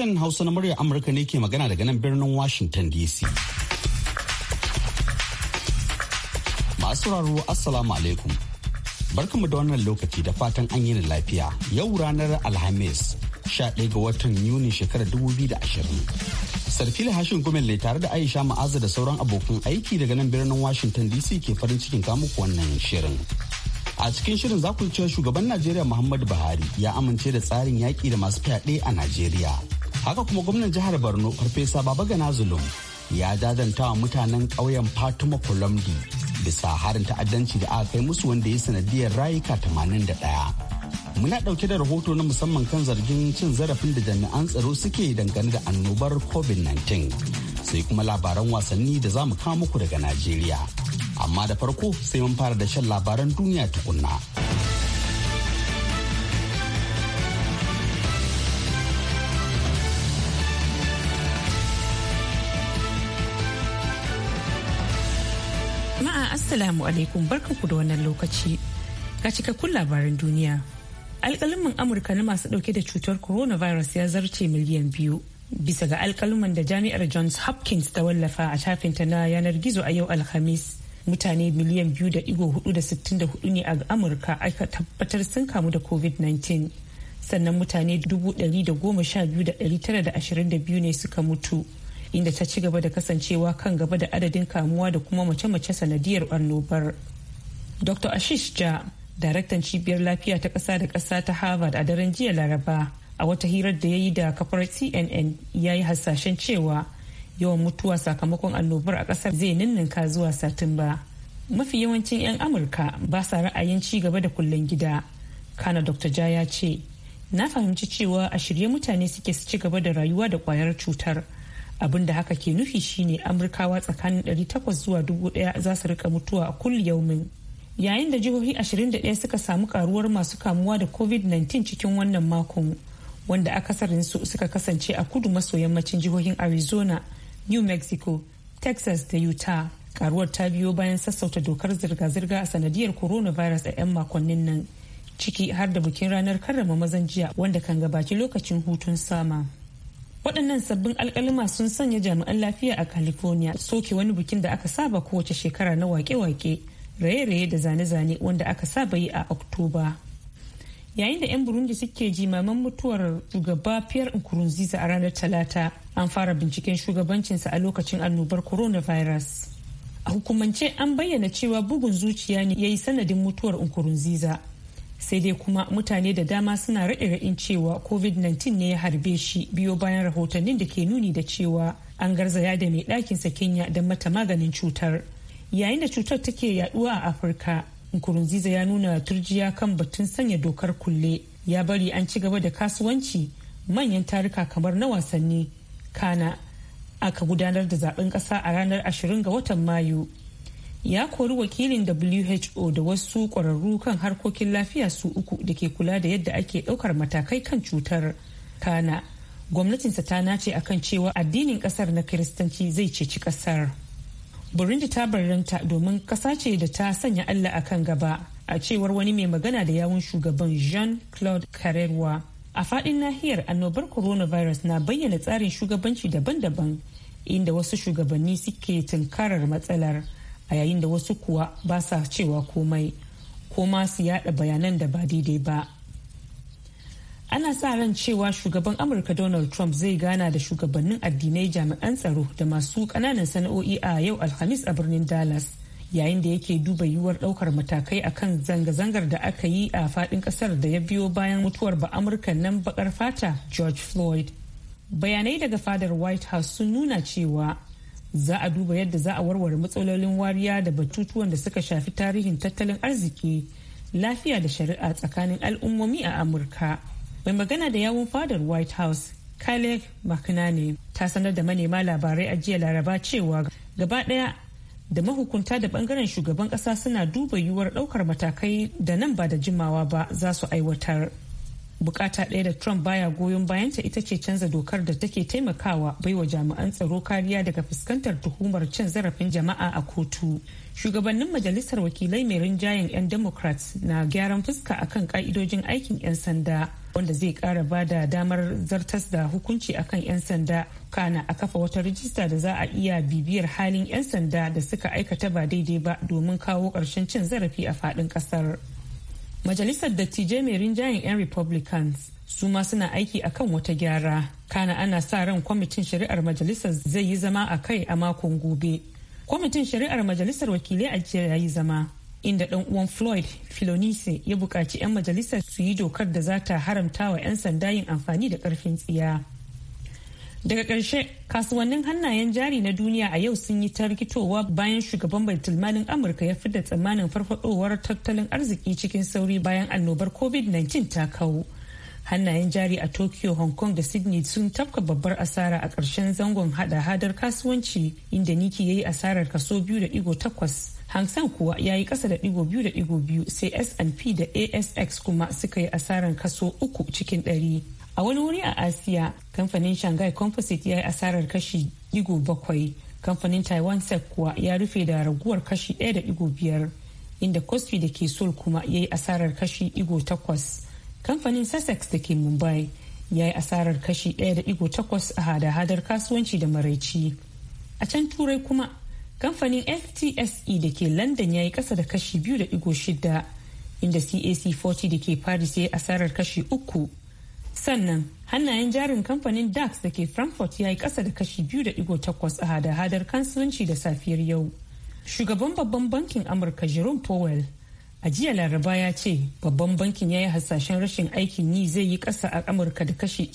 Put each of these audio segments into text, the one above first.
Sashen Hausa na muryar Amurka ne ke magana daga nan birnin Washington DC. Masu raro Assalamu alaikum. Barkanmu da wannan lokaci da fatan an yi lafiya yau ranar Alhamis 11 ga watan Yuni shekarar 2020. Sarfil Hashin Gumel ne tare da Aisha Ma'aza da sauran abokan aiki daga nan birnin Washington DC ke farin cikin muku wannan shirin. A cikin shirin za ku cewa shugaban Najeriya Muhammadu Buhari ya amince da tsarin yaƙi da masu fyaɗe a Najeriya. haka kuma gwamnan jihar borno farfesa baba gana zulum ya dadanta wa mutanen ƙauyen fatima kolomdi bisa harin ta'addanci da aka kai musu wanda ya sanadiyar rayuka 81 muna ɗauke da rahoto na musamman kan zargin cin zarafin da jami'an tsaro suke dangane da annobar covid-19 sai kuma labaran wasanni da za mu kawo muku daga najeriya amma da farko sai mun fara da shan labaran duniya tukunna. Assalamu alaikum barkanku da wannan lokaci. Ga cikakkun labaran duniya. Alkalimin Amurka na masu dauke da cutar coronavirus ya zarce miliyan biyu. Bisa ga alkaliman da jami'ar Johns Hopkins ta wallafa a shafinta na yanar gizo a yau Alhamis. Mutane miliyan biyu da igo hudu da sittin da hudu ne a Amurka aka tabbatar sun kamu da COVID-19. Sannan mutane dubu dari da goma sha biyu da dari tara da ashirin da biyu ne suka mutu. inda ta ci gaba da kasancewa kan gaba da adadin kamuwa da kuma mace-mace sanadiyar annobar. Dr. Ashish Ja, daraktan cibiyar lafiya ta ƙasa da ƙasa ta Harvard a daren jiya Laraba, a wata hirar da ya yi da kafar CNN ya yi hasashen cewa yawan mutuwa sakamakon annobar a ƙasar zai ninninka zuwa Satumba. Mafi yawancin 'yan Amurka ba sa ra'ayin ci gaba da kullum gida. Kana Dr. Ja ya ce, na fahimci cewa a shirye mutane suke su ci gaba da rayuwa da kwayar cutar. abin da haka ke nufi shine amurkawa tsakanin 800 zuwa 1000 za su rika mutuwa a kulli yaumin yayin da jihohi 21 suka samu karuwar masu kamuwa da covid-19 cikin wannan makon wanda akasarin su suka kasance a kudu maso yammacin jihohin arizona new mexico texas da utah karuwar ta biyo bayan sassauta dokar zirga-zirga a sanadiyar coronavirus a 'yan makonnin nan ciki har da bikin ranar karrama mazan jiya wanda kan gabaci lokacin hutun sama. waɗannan sabbin alƙaluma sun sanya jami'an lafiya a california soke wani bikin da aka saba kowace shekara na wake-wake raye-raye da zane-zane wanda aka saba yi a oktoba yayin da 'yan burundi suke jimaman mutuwar shugaba pierre nkurunziza a ranar talata an fara binciken shugabancinsa a lokacin annobar coronavirus a hukumance an bayyana cewa bugun zuciya ne ya yi sanadin mutuwar nkurunziza sai dai kuma mutane da dama suna raɗe raɗin cewa covid-19 ne ya harbe shi biyo bayan rahotannin da ke nuni da cewa an garzaya da mai ɗakinsa kenya don mata maganin cutar yayin da cutar take yaduwa a afirka nkurunziza ya nuna turjiya kan batun sanya dokar kulle ya bari an ci gaba da kasuwanci manyan tarika kamar na wasanni kana aka gudanar da zaben kasa a ranar 20 ga watan mayu ya kori wakilin who da wasu kwararru kan harkokin lafiya su uku da ke kula da yadda ake daukar matakai kan cutar kana gwamnatinsa ta nace akan cewa addinin kasar na kiristanci zai ceci kasar. burundi ta barranta domin ƙasa ce da ta sanya allah a kan gaba a cewar wani mai magana da yawun shugaban jean claude karerwa a fadin nahiyar annobar coronavirus na bayyana tsarin shugabanci daban-daban inda wasu shugabanni suke tunkarar matsalar a yayin da wasu kuwa ba sa cewa komai ko ma su yada bayanan da ba daidai ba ana sa ran cewa shugaban amurka donald trump zai gana da shugabannin addinai jami'an tsaro da masu kananan sana'o'i a yau alhamis a birnin dallas yayin da yake duba yiwuwar daukar matakai akan zanga-zangar da aka yi a fadin kasar da ya biyo bayan mutuwar ba amurka nan bakar fata george floyd bayanai daga fadar white house sun nuna cewa za a duba yadda za a warware matsalolin wariya da batutuwan da suka shafi tarihin tattalin arziki lafiya da shari'a tsakanin al'ummomi a amurka mai magana da yawun fadar white house kale ne. ta sanar da manema labarai a jiya laraba cewa gaba daya da mahukunta da bangaren shugaban kasa suna duba yiwuwar daukar matakai da nan ba da jimawa ba za su aiwatar bukata ɗaya da trump baya goyon bayanta ita ce canza dokar da take taimakawa baiwa jami'an tsaro kariya daga fuskantar tuhumar cin zarafin jama'a a kotu shugabannin majalisar wakilai mai rinjayen 'yan democrats na gyaran fuska akan ka'idojin aikin 'yan sanda wanda zai kara ba da damar zartas da hukunci akan 'yan sanda kana a kafa wata rijista da za a iya bibiyar halin 'yan sanda da suka aikata ba daidai ba domin kawo ƙarshen cin zarafi a faɗin ƙasar. majalisar dattijai mai rinjayen 'yan republicans su ma suna aiki akan wata gyara kana ana sa ran kwamitin shari'ar majalisar zai yi zama a kai a makon gobe kwamitin shari'ar majalisar wakilai a jiya ya yi zama inda ɗan uwan floyd filonise ya buƙaci 'yan majalisar su yi dokar da za ta haramta wa 'yan sanda yin amfani da ƙarfin tsiya daga ƙarshe kasuwannin hannayen jari na duniya a yau sun yi targitowa bayan shugaban baitulmalin amurka ya fidda tsammanin farfadowar tattalin arziki cikin sauri bayan annobar covid-19 ta kawo hannayen jari a tokyo hong kong da sydney sun tafka babbar asara a ƙarshen zangon hada-hadar kasuwanci inda niki ya yi asarar kaso 2.8 hang seng kuwa ya yi kasa da digo biyu da digo biyu sai S&P da ASX kuma suka yi asarar kaso uku cikin ɗari. a wani wuri a asiya kamfanin shanghai composite ya yi asarar kashi digo bakwai kamfanin taiwan sec kuwa ya rufe da raguwar kashi ɗaya da digo biyar inda cosby da ke sol kuma ya yi asarar kashi digo takwas kamfanin sussex da ke mumbai ya yi asarar kashi ɗaya da digo takwas a hada-hadar kasuwanci da maraici a can turai kuma kamfanin ftse da ke london ya yi kasa da kashi biyu da digo shida inda cac 40 da ke paris ya yi asarar kashi uku sannan hannayen jarin kamfanin dax da ke frankfurt ya yi kasa da kashi biyu da takwas a hada-hadar kansulanci da safiyar yau shugaban babban bankin amurka jerome powell a jiya laraba ya ce babban bankin ya yi hasashen rashin aikin yi zai yi kasa a amurka da kashi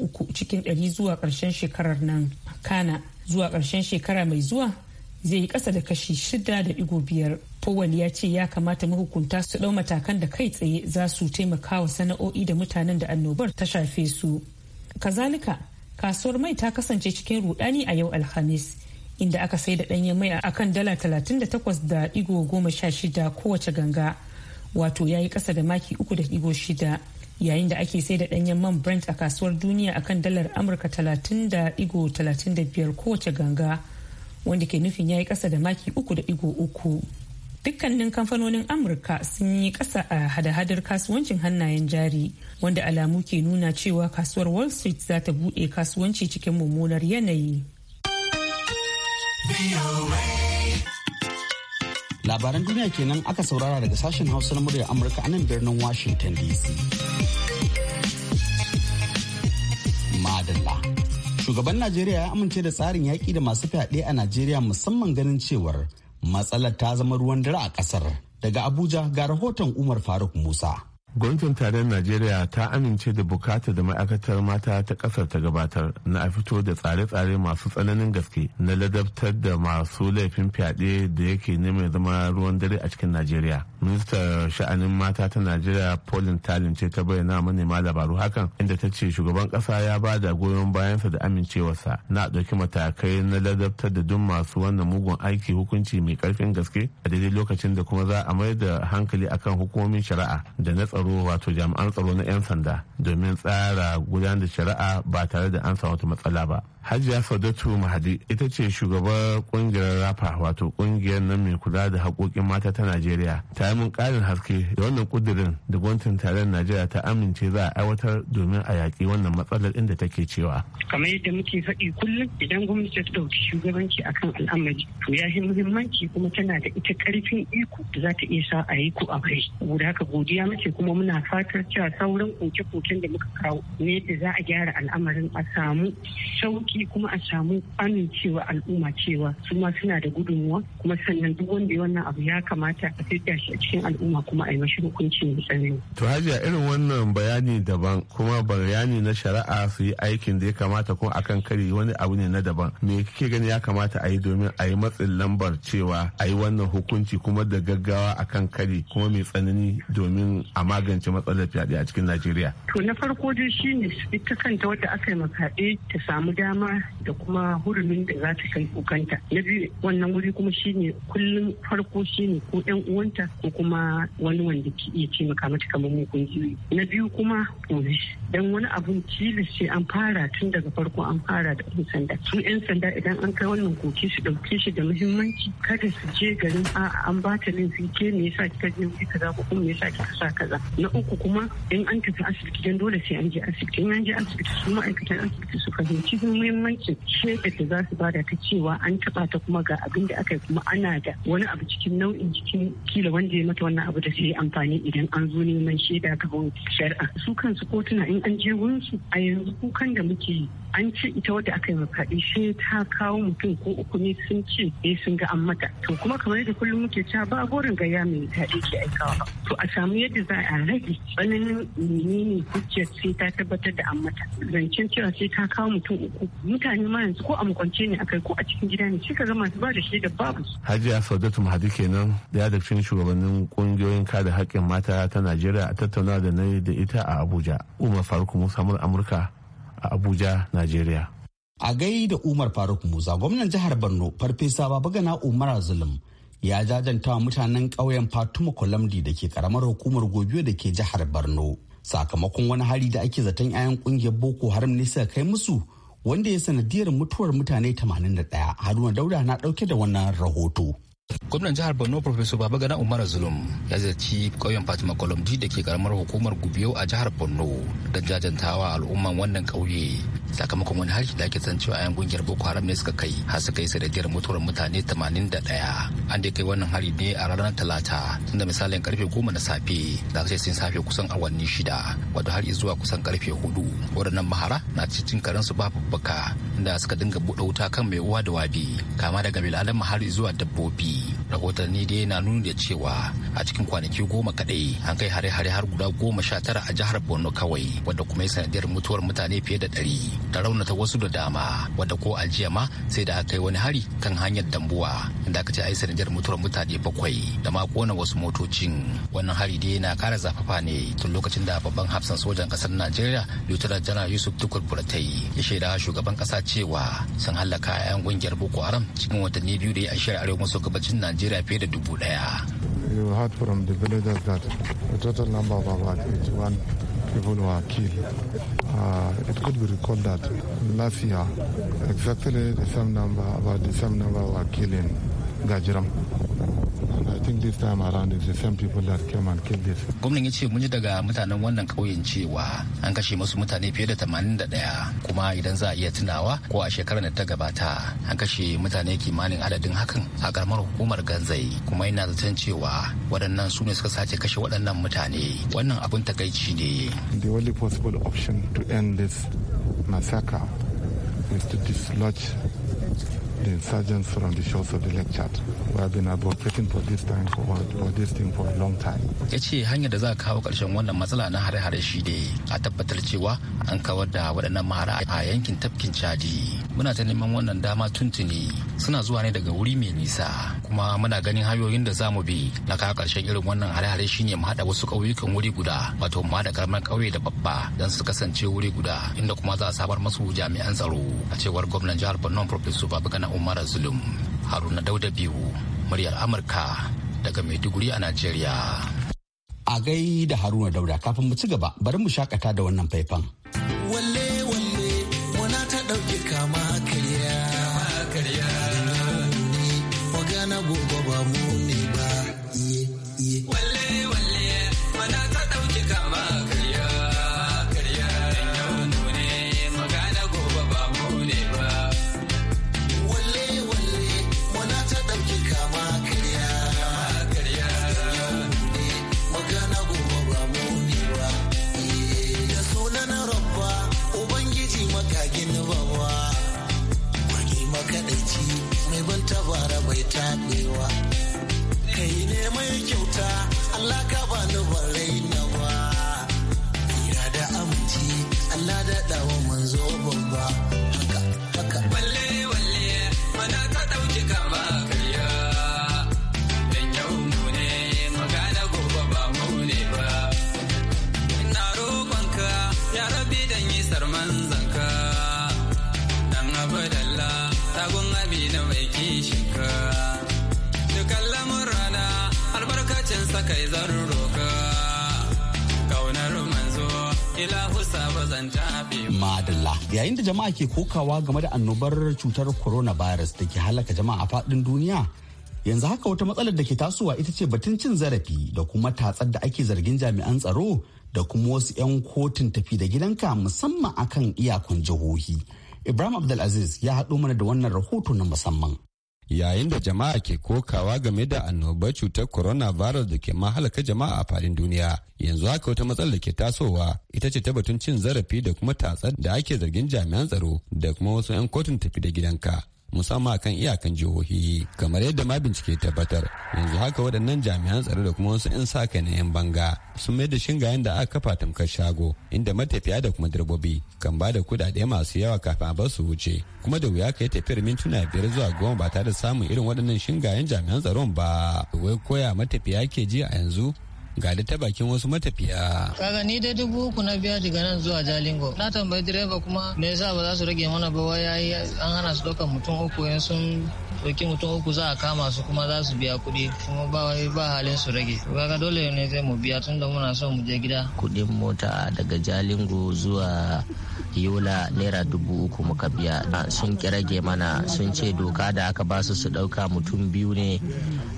uku cikin 100 zuwa karshen shekarar nan kana zuwa karshen shekara mai zuwa zai yi kasa da kashi shida da biyar. Powell ya ce ya kamata mahukunta su ɗau matakan da kai tsaye za su taimaka wa sana'o'i da mutanen da annobar ta shafe su. Kazalika, kasuwar mai ta kasance cikin rudani a yau Alhamis, inda aka sai da ɗanyen mai a kan dala 38 da ɗigo goma kowace ganga, wato ya yi ƙasa da maki uku Yayin da ake sai da ɗanyen man Brent a kasuwar duniya akan dalar Amurka 30 da ɗigo kowace ganga, wanda ke nufin ya yi ƙasa da maki uku dukkanin kamfanonin amurka sun yi kasa a hada-hadar kasuwancin hannayen jari wanda alamu ke nuna cewa kasuwar wall street za ta buɗe kasuwanci cikin mummunar yanayi labaran duniya kenan aka saurara daga sashen hausa na muryar amurka a nan birnin washington dc madalla shugaban najeriya ya amince da tsarin yaƙi da masu fyaɗe a najeriya musamman ganin cewar matsalar ta zama ruwan dare a kasar daga abuja ga rahoton umar faruk musa gwamnatin tarayyar najeriya ta amince da bukatar da ma'aikatar mata ta kasar ta gabatar na a fito da tsare-tsare masu tsananin gaske na ladabtar da masu laifin fyaɗe da yake neman zama ruwan dare a cikin najeriya ministan sha'anin mata ta najeriya paulin talin ce ta bayyana manema labaru hakan inda ta ce shugaban kasa ya ba da goyon bayansa da amincewarsa na ɗauki matakai na ladabtar da duk masu wannan mugun aiki hukunci mai karfin gaske a daidai lokacin da kuma za a mayar da hankali akan hukumomin shari'a da na tsaro wato jami'an tsaro na 'yan sanda domin tsara gudanar da shari'a ba tare da an samu wata matsala ba hajiya saudatu mahadi ita ce shugabar kungiyar rafa wato kungiyar nan mai kula da haƙoƙin mata ta najeriya ta samun mun ƙarin haske da wannan kudurin da gwamnatin tarayyar Najeriya ta amince za a aiwatar domin a yaƙi wannan matsalar inda take cewa. Kamar yadda muke faɗi kullum idan gwamnati ta ɗauki shugabanci akan al'amari to ya fi muhimmanci kuma tana da ita ƙarfin iko da za ta iya sa a yi ku a bai Saboda haka godiya muke kuma muna fatar cewa sauran koke-koken da muka kawo ne da za a gyara al'amarin a samu sauki kuma a samu amincewa al'umma cewa su ma suna da gudunmuwa kuma sannan duk wanda wannan abu ya kamata a sai shi cikin al'umma kuma a yi mashi hukuncin tsarewa. To hajiya irin wannan bayani daban kuma bayani na shari'a su yi aikin da ya kamata ko akan kari wani abu ne na daban. Me kike gani ya kamata a yi domin a yi matsin lambar cewa a yi wannan hukunci kuma da gaggawa akan kari kuma mai tsanani domin a magance matsalar fyaɗe a cikin Najeriya. To na farko dai ne ita kanta wadda aka yi makaɗe ta samu dama da kuma hurumin da za ta kai kukanta. Na biyu wannan wuri kuma shine kullum farko shine ko 'yan uwanta ko kuma wani wanda ke iya maka mata kamar mu na biyu kuma police dan wani abun tilis sai an fara tun daga farko an fara da yan sanda su yan sanda idan an kai wannan koke su ɗauke shi da muhimmanci kada su je garin a an ba ta laifi ke me yasa kika je wuri kaza ko kuma me yasa kika sa kaza na uku kuma in an tafi asibiti dan dole sai an je asibiti in an je asibiti su ma'aikatan asibiti su fahimci muhimmancin shaidar da za su bada ta cewa an taba ta kuma ga abin da aka yi kuma ana da wani abu cikin nau'in cikin kila wanda yi mata wannan abu da yi amfani idan an zo neman shaida gaban shari'a su kansu kotuna in an je wurin su a yanzu kukan da muke yi an ce ita wadda aka yi makaɗi sai ta kawo mutum ko uku ne sun ce eh sun ga an mata to kuma kamar yadda kullum muke cewa ba gorin gaya mai daɗi ke aikawa ba to a samu yadda za a rage tsananin menene hujjar sai ta tabbatar da an mata zancen cewa sai ta kawo mutum uku mutane ma yanzu ko a makwance ne akai ko a cikin gida ne sai ka ga masu ba da shaida babu hajiya saudatu mahadi kenan ya da cikin shugabannin kungiyoyin kada haƙƙin mata ta najeriya a tattauna da nai da ita a abuja umar faruk musa amurka a abuja najeriya a gai da umar faruk musa gwamnan jihar borno farfesa babagana umar zulum ya jajanta wa mutanen ƙauyen fatuma kolamdi da ke karamar hukumar gobe da ke jihar borno sakamakon wani hari da ake zaton 'ya'yan ƙungiyar boko haram ne suka kai musu wanda ya sanadiyar mutuwar mutane 81 haruna dauda na ɗauke da wannan rahoto gwamnan jihar borno professor babagana umar zulum ya ziyarci ƙauyen fatima Kolomji da ke karamar hukumar gubiyo a jihar borno don jajantawa al'umman wannan ƙauye sakamakon wani hari da ake san cewa yan kungiyar boko haram ne suka kai har suka yi sanadiyar mutuwar mutane 81 an dai kai wannan hari ne a ranar talata tunda misalin karfe goma na safe da sai sun safe kusan awanni shida wato har zuwa kusan karfe hudu waɗannan mahara na cikin karen su babu baka inda suka dinga buɗe wuta kan mai uwa da wabi kama daga biladan mahari zuwa dabbobi rahotanni dai na nuna da cewa a cikin kwanaki goma kaɗai an kai hare-hare har guda goma sha tara a jihar borno kawai wadda kuma ya sanadiyar mutuwar mutane fiye da ɗari da raunata wasu da dama wadda ko a ma sai da aka kai wani hari kan hanyar dambuwa inda aka ce a yi sanadiyar mutuwar mutane bakwai da ma kona wasu motocin wannan hari dai na kara zafafa ne tun lokacin da babban hafsan sojan kasar najeriya lutura janar yusuf tukur buratai ya shaida shugaban kasa cewa sun hallaka 'yan kungiyar boko haram cikin watanni biyu da ya ashirar arewa maso gabacin najeriya fiye da dubu daya You heard from the villagers that the total number of about 81 evolve a kill. Uh, it could be recalled that last year, exactly the same number, about the same number were killing. gajiram Gwamnan ya ce mun ji daga mutanen wannan kauyen cewa an kashe masu mutane fiye da 81 kuma idan za a iya tunawa ko a shekarar da ta gabata an kashe mutane kimanin adadin hakan a karamar hukumar ganzai kuma yana zaton cewa waɗannan su ne suka sace kashe waɗannan mutane wannan abin takaici ne. to is the insurgents from the shores of the Lake Chad. We have been advocating for this time for, for this thing for a long time. Ya ce hanyar da za a kawo karshen wannan matsala na hare-hare shi ne a tabbatar cewa an kawar da waɗannan mara a yankin tafkin Chadi. Muna ta neman wannan dama tuntuni suna zuwa ne daga wuri mai nisa kuma muna ganin hanyoyin da za mu bi na kawo ƙarshen irin wannan hare-hare shine mu haɗa wasu ƙauyukan wuri guda wato mu haɗa karamar ƙauye da babba don su kasance wuri guda inda kuma za a samar masu jami'an tsaro a cewar gwamnan jihar Borno Professor Babagana Umar Zulum Haruna Dauda biyu muryar Amurka daga Maiduguri a Najeriya. A gai da Haruna Dauda kafin mu ci gaba bari mu shakata da wannan faifan. kai zan kaunar manzo zan tafi madalla yayin da jama'a ke kokawa game da annobar cutar coronavirus da ke halaka jama'a a faɗin duniya yanzu haka wata matsalar da ke tasowa ita ce batun cin zarafi da kuma tatsar da ake zargin jami'an tsaro da kuma wasu 'yan kotun tafi da gidanka musamman akan iyakun jihohi ibrahim abdulaziz ya haɗo mana da wannan rahoto na musamman yayin da jama'a ke kokawa game da annobar cutar corona virus da ke mahalaka jama'a a fadin duniya yanzu haka wata matsalar da ke tasowa ita ce ta batun cin zarafi da kuma tatsar da ake zargin jami'an tsaro da kuma wasu 'yan kotun tafi da gidanka musamman kan iyakan jihohi kamar yadda ma bincike tabbatar yanzu haka waɗannan jami'an tsaro da kuma wasu 'yan sa kai na 'yan banga sun mai da shingayen da aka kafa tamkar shago inda matafiya da kuma direbobi kan ba da kuɗaɗe masu yawa kafin a basu wuce kuma da wuya ka yi tafiyar mintuna biyar zuwa goma ba tare da samun irin waɗannan shingayen jami'an tsaron ba wai koya matafiya ke ji a yanzu ga da ta bakin wasu matafiya. Kaga ni dai dubu uku na biya daga nan zuwa Jalingo. Na tambayi direba kuma me yasa ba za su rage mana ba wai an hana su ɗaukan mutum uku yan sun dokin mutum uku za a kama su kuma za su biya kuɗi kuma ba ba halin su rage to kaga dole ne sai mu biya tunda muna son mu je gida kuɗin mota daga jalingo zuwa yola naira dubu uku muka biya sun kirage mana sun ce doka da aka ba su su ɗauka mutum biyu ne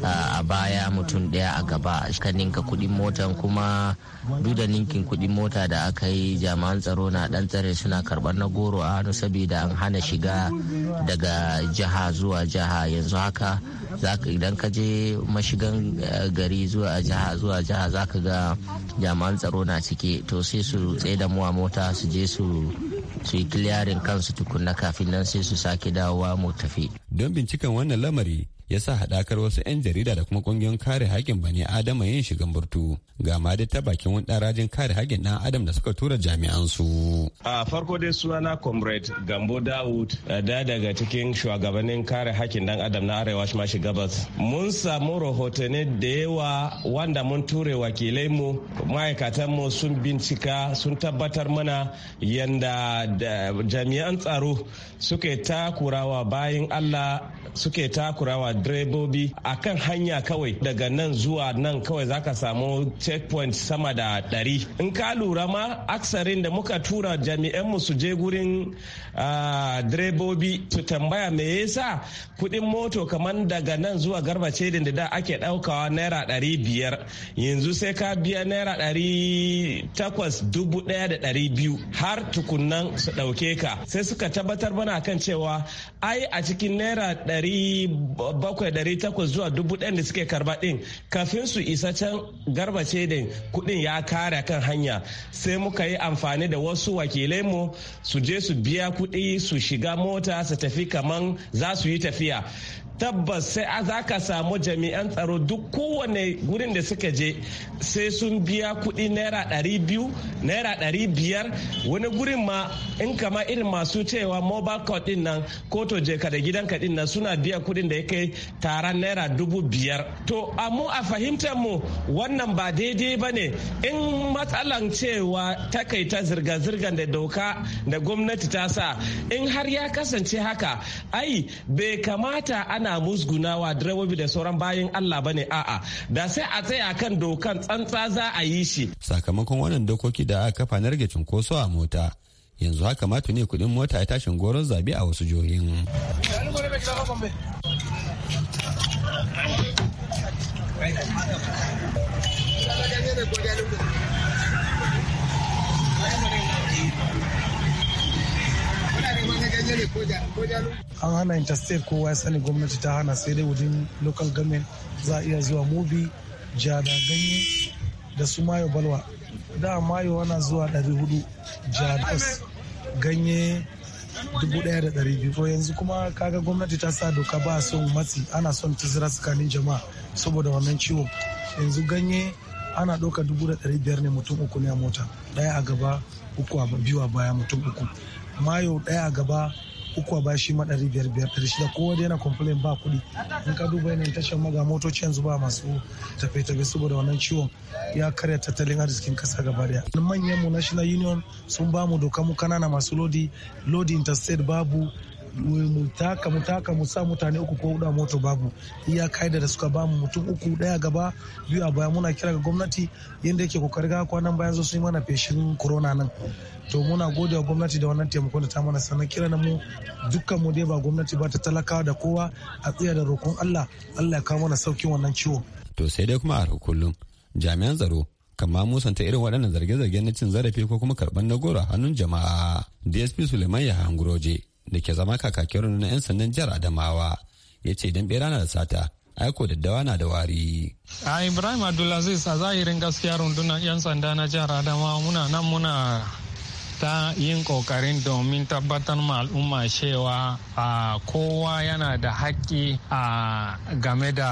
a baya mutum ɗaya a gaba ka ninka kuɗin motan kuma duk da ninkin kuɗin mota da aka yi jami'an tsaro na ɗan tsare suna karɓar na goro a hannu saboda an hana shiga daga jiha zuwa jiha jiha yanzu haka idan ka je mashigan eh, gari zuwa jiha zuwa jiha za ka ga jami'an tsaro na cike to sai su tsaye da muwa mota su je su su yi kiliyarin kansu tukunna kafin nan sai su sake dawowa mu tafi don binciken wannan lamari ya sa haɗakar wasu 'yan jarida da kuma ƙungiyoyin kare haƙƙin bani adama yin shigan burtu ga ma ta bakin wani rajin kare haƙƙin ɗan adam da suka tura jami'an su. a farko dai sunana comrade gambo dawud da daga cikin shugabannin kare haƙƙin ɗan adam na arewa mashi gabas mun samu rahotanni da yawa wanda mun ture wakilai mu ma'aikatan mu sun bincika sun tabbatar mana yanda jami'an tsaro suke takurawa bayan allah suke takurawa direbobi a kan hanya kawai daga nan zuwa nan kawai zaka samu checkpoint sama da ɗari in ka lura ma aksarin da muka tura jami'anmu su je gurin direbobi su tambaya me yasa kuɗin moto kamar daga nan zuwa garba da da ake ɗaukawa naira ɗari biyar yanzu sai ka biya naira ɗari takwas dubu ɗaya da ɗari biyu har tukunnan su ɗauke ka sai suka tabbatar mana kan cewa ai a cikin naira ɗari bakwai dari takwas zuwa dubu ɗan da suke karba ɗin kafin su isa can garbace da kuɗin ya kare kan hanya sai muka yi amfani da wasu wakilai mu su je su biya kuɗi su shiga mota su tafi kaman za su yi tafiya tabbas sai za ka samu jami'an tsaro duk kowane gurin da suka je sai sun biya kuɗi naira ɗari biyu naira ɗari biyar wani gurin ma in kama irin masu cewa mobile court din nan ko to je ka da gidan ka din nan suna biya kuɗin da ya kai taron naira dubu biyar to amma a fahimtar mu wannan ba daidai ba ne in matsalan cewa takaita zirga-zirgar da doka da gwamnati ta sa in har ya kasance haka ai bai kamata an ana musgunawa direbobi da sauran bayan Allah bane a'a da sai a tsaya kan dokan tsantsa za a yi shi sakamakon wannan dokoki da aka kafa na rage cunkoso a mota yanzu haka mato ne kudin mota ya tashin goron zabi a wasu jihohin Thank an hana interstate kowa ya sani gwamnati ta hana sai dai wajen local government za a iya zuwa mubi jada ganye da su mayo balwa da mayo ana zuwa 400 jadas ganye 1,200 to yanzu kuma kaga gwamnati ta sa doka ba son matsi ana son tazara tsakanin jama'a saboda wannan ciwon yanzu ganye ana ɗauka 1,500 ne mutum uku ne a mota ɗaya a gaba uku a biyu a baya mutum uku mayo ɗaya gaba uku a bashi ma ɗari biyar biyar ɗari shida kowa da yana complain ba kuɗi in ka duba yanayin tashar maga motoci yanzu ba masu tafe-tafe saboda wannan ciwon ya karya tattalin arzikin kasa gaba daya manyan mu national union sun ba mu doka mu kanana masu lodi lodi interstate babu mu taka mu taka mu sa mutane uku ko huɗu a moto babu iya kaida da suka bamu mutum uku ɗaya gaba biyu a baya muna kira ga gwamnati yadda yake kokari ga kwanan bayan zo su yi mana feshin corona nan to muna gode gwamnati da wannan taimakon da ta mana sannan kira na mu dukkan mu dai ba gwamnati ba ta talakawa da kowa a tsaya da roƙon Allah Allah ya kawo mana saukin wannan ciwo to sai dai kuma a kullum jami'an tsaro kama musanta irin waɗannan zarge zargen na cin zarafi ko kuma karɓar na goro a hannun jama'a dsp suleiman ya hanguroje da ke zama kakakin rundunar 'yan sandan jihar adamawa ya ce idan bera na da sata aiko daddawa na da wari. a ibrahim abdulaziz sa zahirin gaskiya rundunar 'yan sanda na jihar adamawa muna nan muna ta yin kokarin domin tabbatar ma al'umma cewa kowa yana da haƙƙi a game da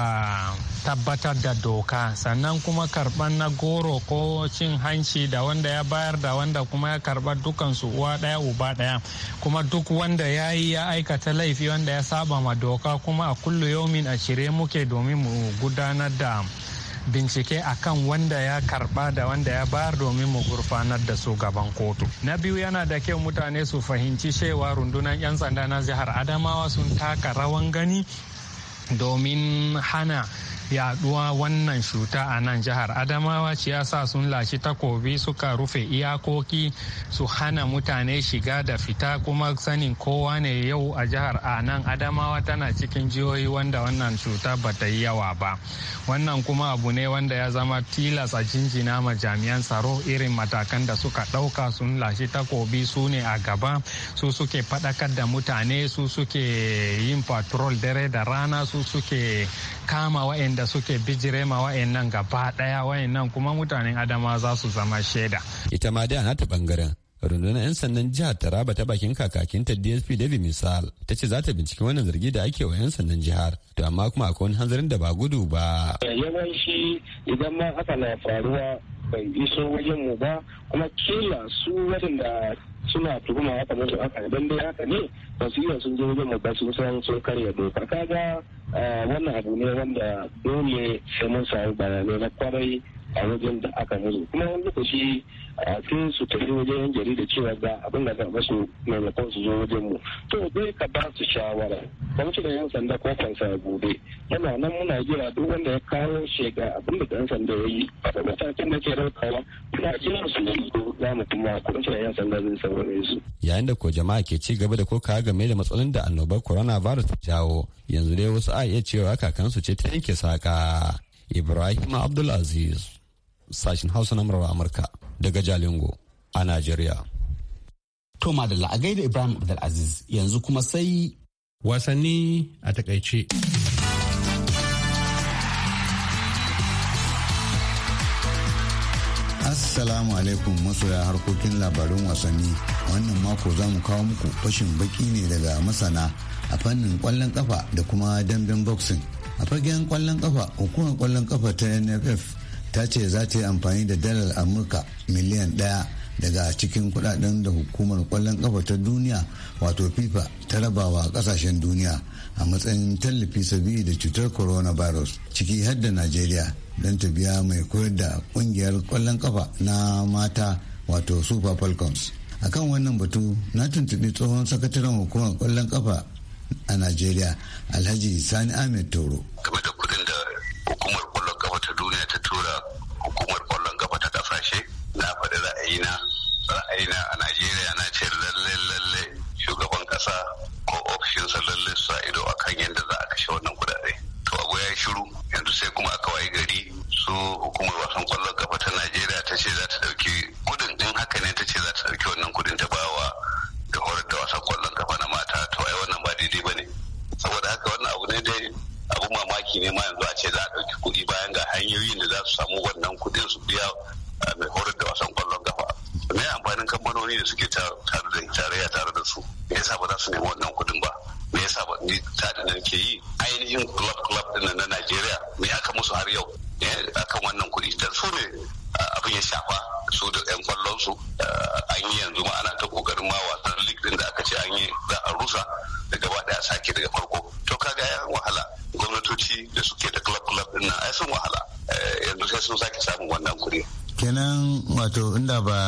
tabbatar da doka sannan kuma karɓar na goro ko cin hanci da wanda ya bayar da wanda kuma ya karɓa dukansu uwa ɗaya uba ɗaya kuma duk wanda ya yi ya aikata laifi wanda ya saba ma doka kuma a kullu yomin a shirye muke domin mu gudanar da bincike a kan wanda ya karba da wanda ya bayar domin mu gurfanar da su gaban kotu na biyu yana da kyau mutane su fahimci cewa rundunar 'yan sanda na jihar adamawa sun taka rawan gani domin hana yaduwa wannan cuta a nan jihar adamawa ce ya sa sun lashi takobi suka rufe iyakoki su hana mutane shiga da fita kuma sanin kowa ne yau a jihar a nan adamawa tana cikin jihohi wanda wannan cuta ba ta yi yawa ba wannan kuma abu ne wanda ya zama tilas a jinjina ma jami'an tsaro irin matakan da suka dauka sun lashi takobi su ne a gaba su suke faɗakar da mutane su suke yin patrol dare da rana su suke kama wa'in waɗanda suke bijirema wa'annan gaba ɗaya wa'annan kuma mutanen adama za su zama shaida. ita ma dai ana nata bangaren rundunar 'yan sandan jihar taraba ta bakin kakakin ta dsp david misal ta ce za ta binciki wannan zargi da ake wa 'yan sandan jihar to amma kuma akwai wani hanzarin da ba gudu ba yawanci idan ma haka na faruwa bai iso wajen mu ba kuma kila su waɗanda suna tuhuma haka musu haka idan dai haka ne ba su iya sun je wajen mu basu san sun karya doka kaga eh, wannan abu ne wanda dole sai mun samu bayanai na kwarai a wajen da aka nazo kuma wani lokaci sai su tafi wajen yan jarida cewa ga abin da zama su maimakon su zo wajen mu to dai ka ba su shawara kwamishin yan sanda ko kansa gobe yana nan muna jira duk wanda ya kawo shega abin da yan sanda ya yi a matakin da ke raukawa muna jira su yi za mu kuma kwamishin yan sanda zai saurare su. yayin da ko jama'a ke ci gaba da koka game da matsalolin da annobar coronavirus ta jawo yanzu dai wasu a iya cewa kakansu ce ta yanke saka ibrahim abdulaziz sashen hausa na murar amurka daga jalingo a najeriya to madalla a gaida ibrahim abdulaziz yanzu kuma sai wasanni a takaice Assalamu alaikum masoya harkokin labarin wasanni wannan mako za mu kawo muku fashin baki ne daga masana a fannin kwallon kafa da kuma damben boxing a fagen kwallon kafa hukumar kwallon kafa ta nff ta ce za ta yi amfani da dalar amurka miliyan ɗaya daga cikin kudaden da hukumar kwallon kafa ta duniya wato fifa ta rabawa kasashen duniya a matsayin tallafi sabi da cutar coronavirus ciki har da najeriya don ta biya mai koyar da kungiyar kwallon kafa na mata wato super falcons A kan wannan batu na tuntuɓi tsohon sakataren hukumar kwallon kafa a najeriya alhaji sani ahmed toro sai kuma aka waye gari su hukumar wasan kwallon kafa ta najeriya ta ce za ta dauki kudin din haka ne ta ce za ta dauki wannan kudin ta bawa da horar da wasan kwallon kafa na mata to ai wannan ba daidai ba ne saboda haka wannan abu ne dai abun mamaki ne ma yanzu a ce za a dauki kudi bayan ga hanyoyin da za su samu wannan kudin su biya mai horar da wasan kwallon kafa me amfanin kamfanoni da suke tare da tarayya tare da su me yasa ba za su nemi wannan kudin ba me yasa ba ni tadi nan ke yi ainihin club club din na Najeriya me aka musu har yau eh, akan wannan kuɗi dan su ne abin ya shafa su da yan kwallon su an yi yanzu ma ana ta kokarin ma wasan league din da aka ce an yi za a rusa da gaba daya sake daga farko to kaga ya wahala gwamnatoci da suke da club club din nan ai sun wahala eh, yanzu sai sun sake samun wannan kuɗi kenan wato inda ba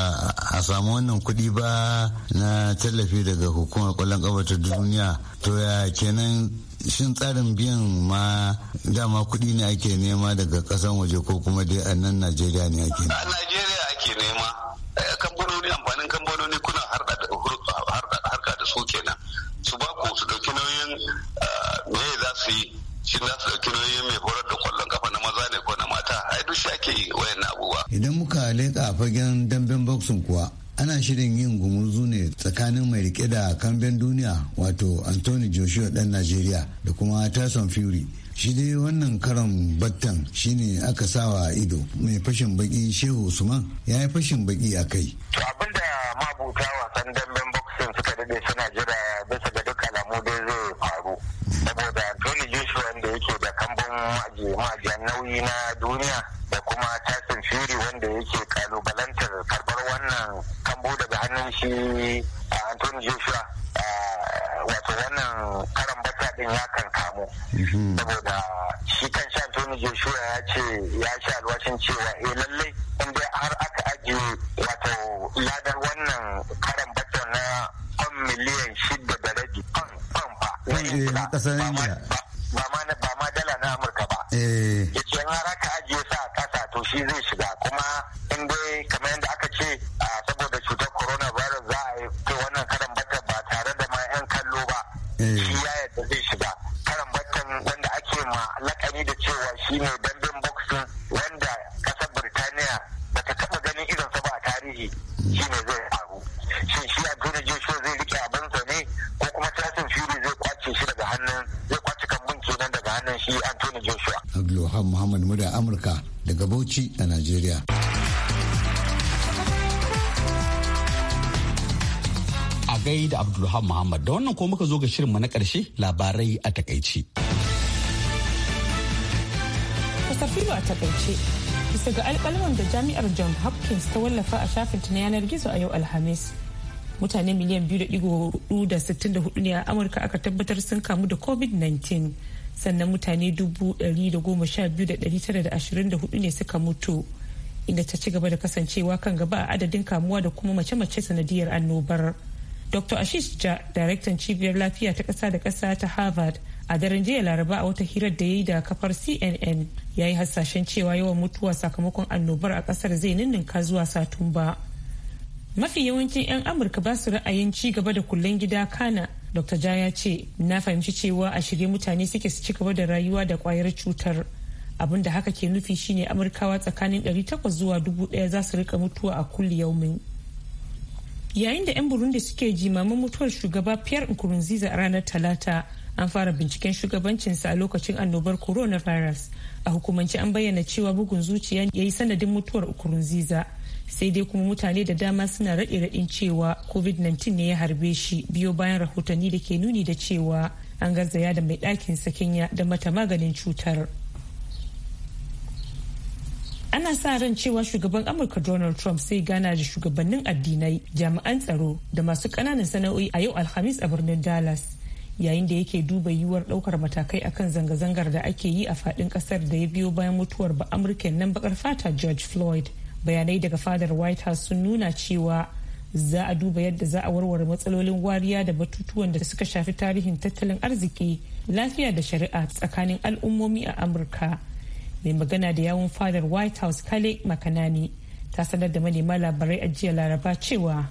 a samu wannan kuɗi ba na tallafi daga hukumar kwallon kafa ta duniya to ya kenan shin tsarin biyan ma dama kuɗi ne ake nema daga ƙasan waje ko kuma dai a nan najeriya ne ake nema a najeriya ake nema eh, kamfanoni amfanin kamfanoni kuna harka da su kenan su ba ku su ɗauki nauyin eh, me za su yi shin za su ɗauki nauyin mai horar da kwallon da ake wayan abubuwa. Idan muka leka fagen damben boxing kuwa ana shirin yin gumurzu ne tsakanin mai rike da kamben duniya wato Anthony Joshua dan Najeriya da kuma Tyson Fury. Shi dai wannan karan battan shine aka sawa ido mai fashin baki Shehu Usman ya yi fashin baki a kai. To abinda mabuta wasan damben boxing suka dade suna jira bisa ga duk alamu dai zai faru. Saboda Anthony Joshua da yake da kambun ma'ajiyan nauyi na duniya kuma tasin shiri wanda yake kalubalantar karbar wannan kambu daga hannun shi a Anthony Joshua wato wannan karan bata din ya kan kamo mhm. saboda shi kan shi Anthony Joshua ya ce ya sha alwashin cewa eh lallai in dai har aka ajiye wato ladar wannan karan bata na kan miliyan shida da rabi kan kan eh, ba shiga kuma in dai kamar Abdulham Muhammad da wannan ko muka zo ga shirinmu na karshe labarai a takaici. Kasafiru a takaice bisa ga alƙalman da jami'ar John Hopkins ta wallafa a shafinta na yanar gizo a yau Alhamis. Mutane miliyan biyu da ɗigo da sittin da hudu ne a Amurka aka tabbatar sun kamu da COVID-19 sannan mutane dubu ɗari da goma sha biyu da ɗari tara da ashirin da hudu ne suka mutu. inda ta ci gaba da kasancewa kan gaba a adadin kamuwa da kuma mace-mace sanadiyar annobar. dr ashish ja daraktan cibiyar lafiya ta ƙasa da ƙasa ta harvard a daren jiya laraba a wata hirar da ya yi da kafar cnn ya yi hasashen cewa yawan mutuwa sakamakon annobar a ƙasar zai ninninka zuwa satumba mafi yawancin 'yan amurka ba su ra'ayin ci gaba da kullen gida kana dr ja ya ce na fahimci cewa a shirye mutane suke su ci gaba da rayuwa da kwayar cutar abin da haka ke nufi shine amurkawa tsakanin 800 zuwa 1000 za su rika mutuwa a kulli yaumin yayin da 'yan burundi suke jimamin mutuwar shugaba pierre nkurunziza a ranar talata an fara binciken shugabancinsa a lokacin annobar coronavirus a hukumance an bayyana cewa bugun zuciya ya yi sanadin mutuwar nkurunziza sai dai kuma mutane da dama suna raɗe raɗin cewa covid-19 ne ya harbe shi biyo bayan rahotanni da ke nuni da cewa an garzaya da mai ɗakin sa kenya da mata maganin cutar ana sa ran cewa shugaban amurka donald trump sai gana da shugabannin addinai jami'an tsaro da masu kananan sana'o'i a yau alhamis a birnin dallas yayin da yake duba yiwuwar daukar matakai akan zanga-zangar da ake yi a fadin kasar da ya biyo bayan mutuwar ba nan bakar fata george floyd bayanai daga fadar white house sun nuna cewa za a duba yadda za a warware matsalolin wariya da batutuwan da suka shafi tarihin tattalin arziki lafiya da shari'a tsakanin al'ummomi a amurka mai magana da yawun fadar white house kale makanani ta sanar da manema labarai a jiya laraba cewa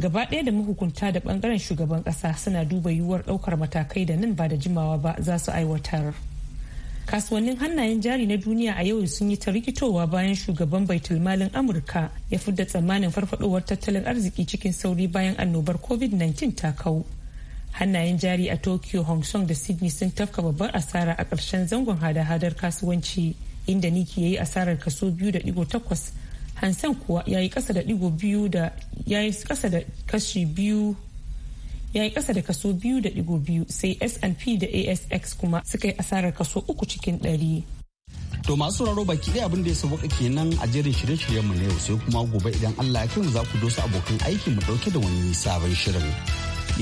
gaba ɗaya da mahukunta da bangaren shugaban ƙasa suna duba yiwuwar ɗaukar matakai da nan ba da jimawa ba za su aiwatar kasuwannin hannayen jari na duniya a yau sun yi ta rikitowa bayan shugaban baitulmalin amurka ya fidda tsammanin farfadowar tattalin arziki cikin sauri bayan annobar covid-19 ta kau hannayen jari a tokyo hong kong da sydney sun tafka babbar asara a ƙarshen zangon hada-hadar kasuwanci inda niki ya yi asarar kaso 2.8 hansan kuwa ya yi kasa da digo biyu da ya yi kasa da kashi biyu ya yi kasa da kaso biyu da digo biyu sai S&P da ASX kuma suka yi asarar kaso uku cikin ɗari. To masu sauraro baki ɗaya abin da ya sauka kenan a jerin shirye-shiryen mu na yau sai kuma gobe idan Allah ya kai mu za ku dosa abokan aiki mu ɗauke da wani sabon shirin.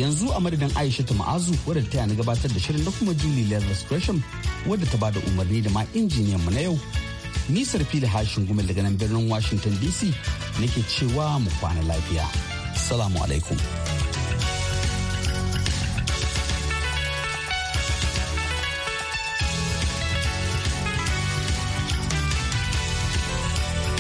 yanzu a madadin aisha ta ma'azu wadda ta yana gabatar da shirin da kuma juli leathers gresham wadda ta bada umarni da ma injiniyan mu na yau nisar fili hashin gumi daga nan birnin washington dc nake cewa mu kwana lafiya salamu alaikum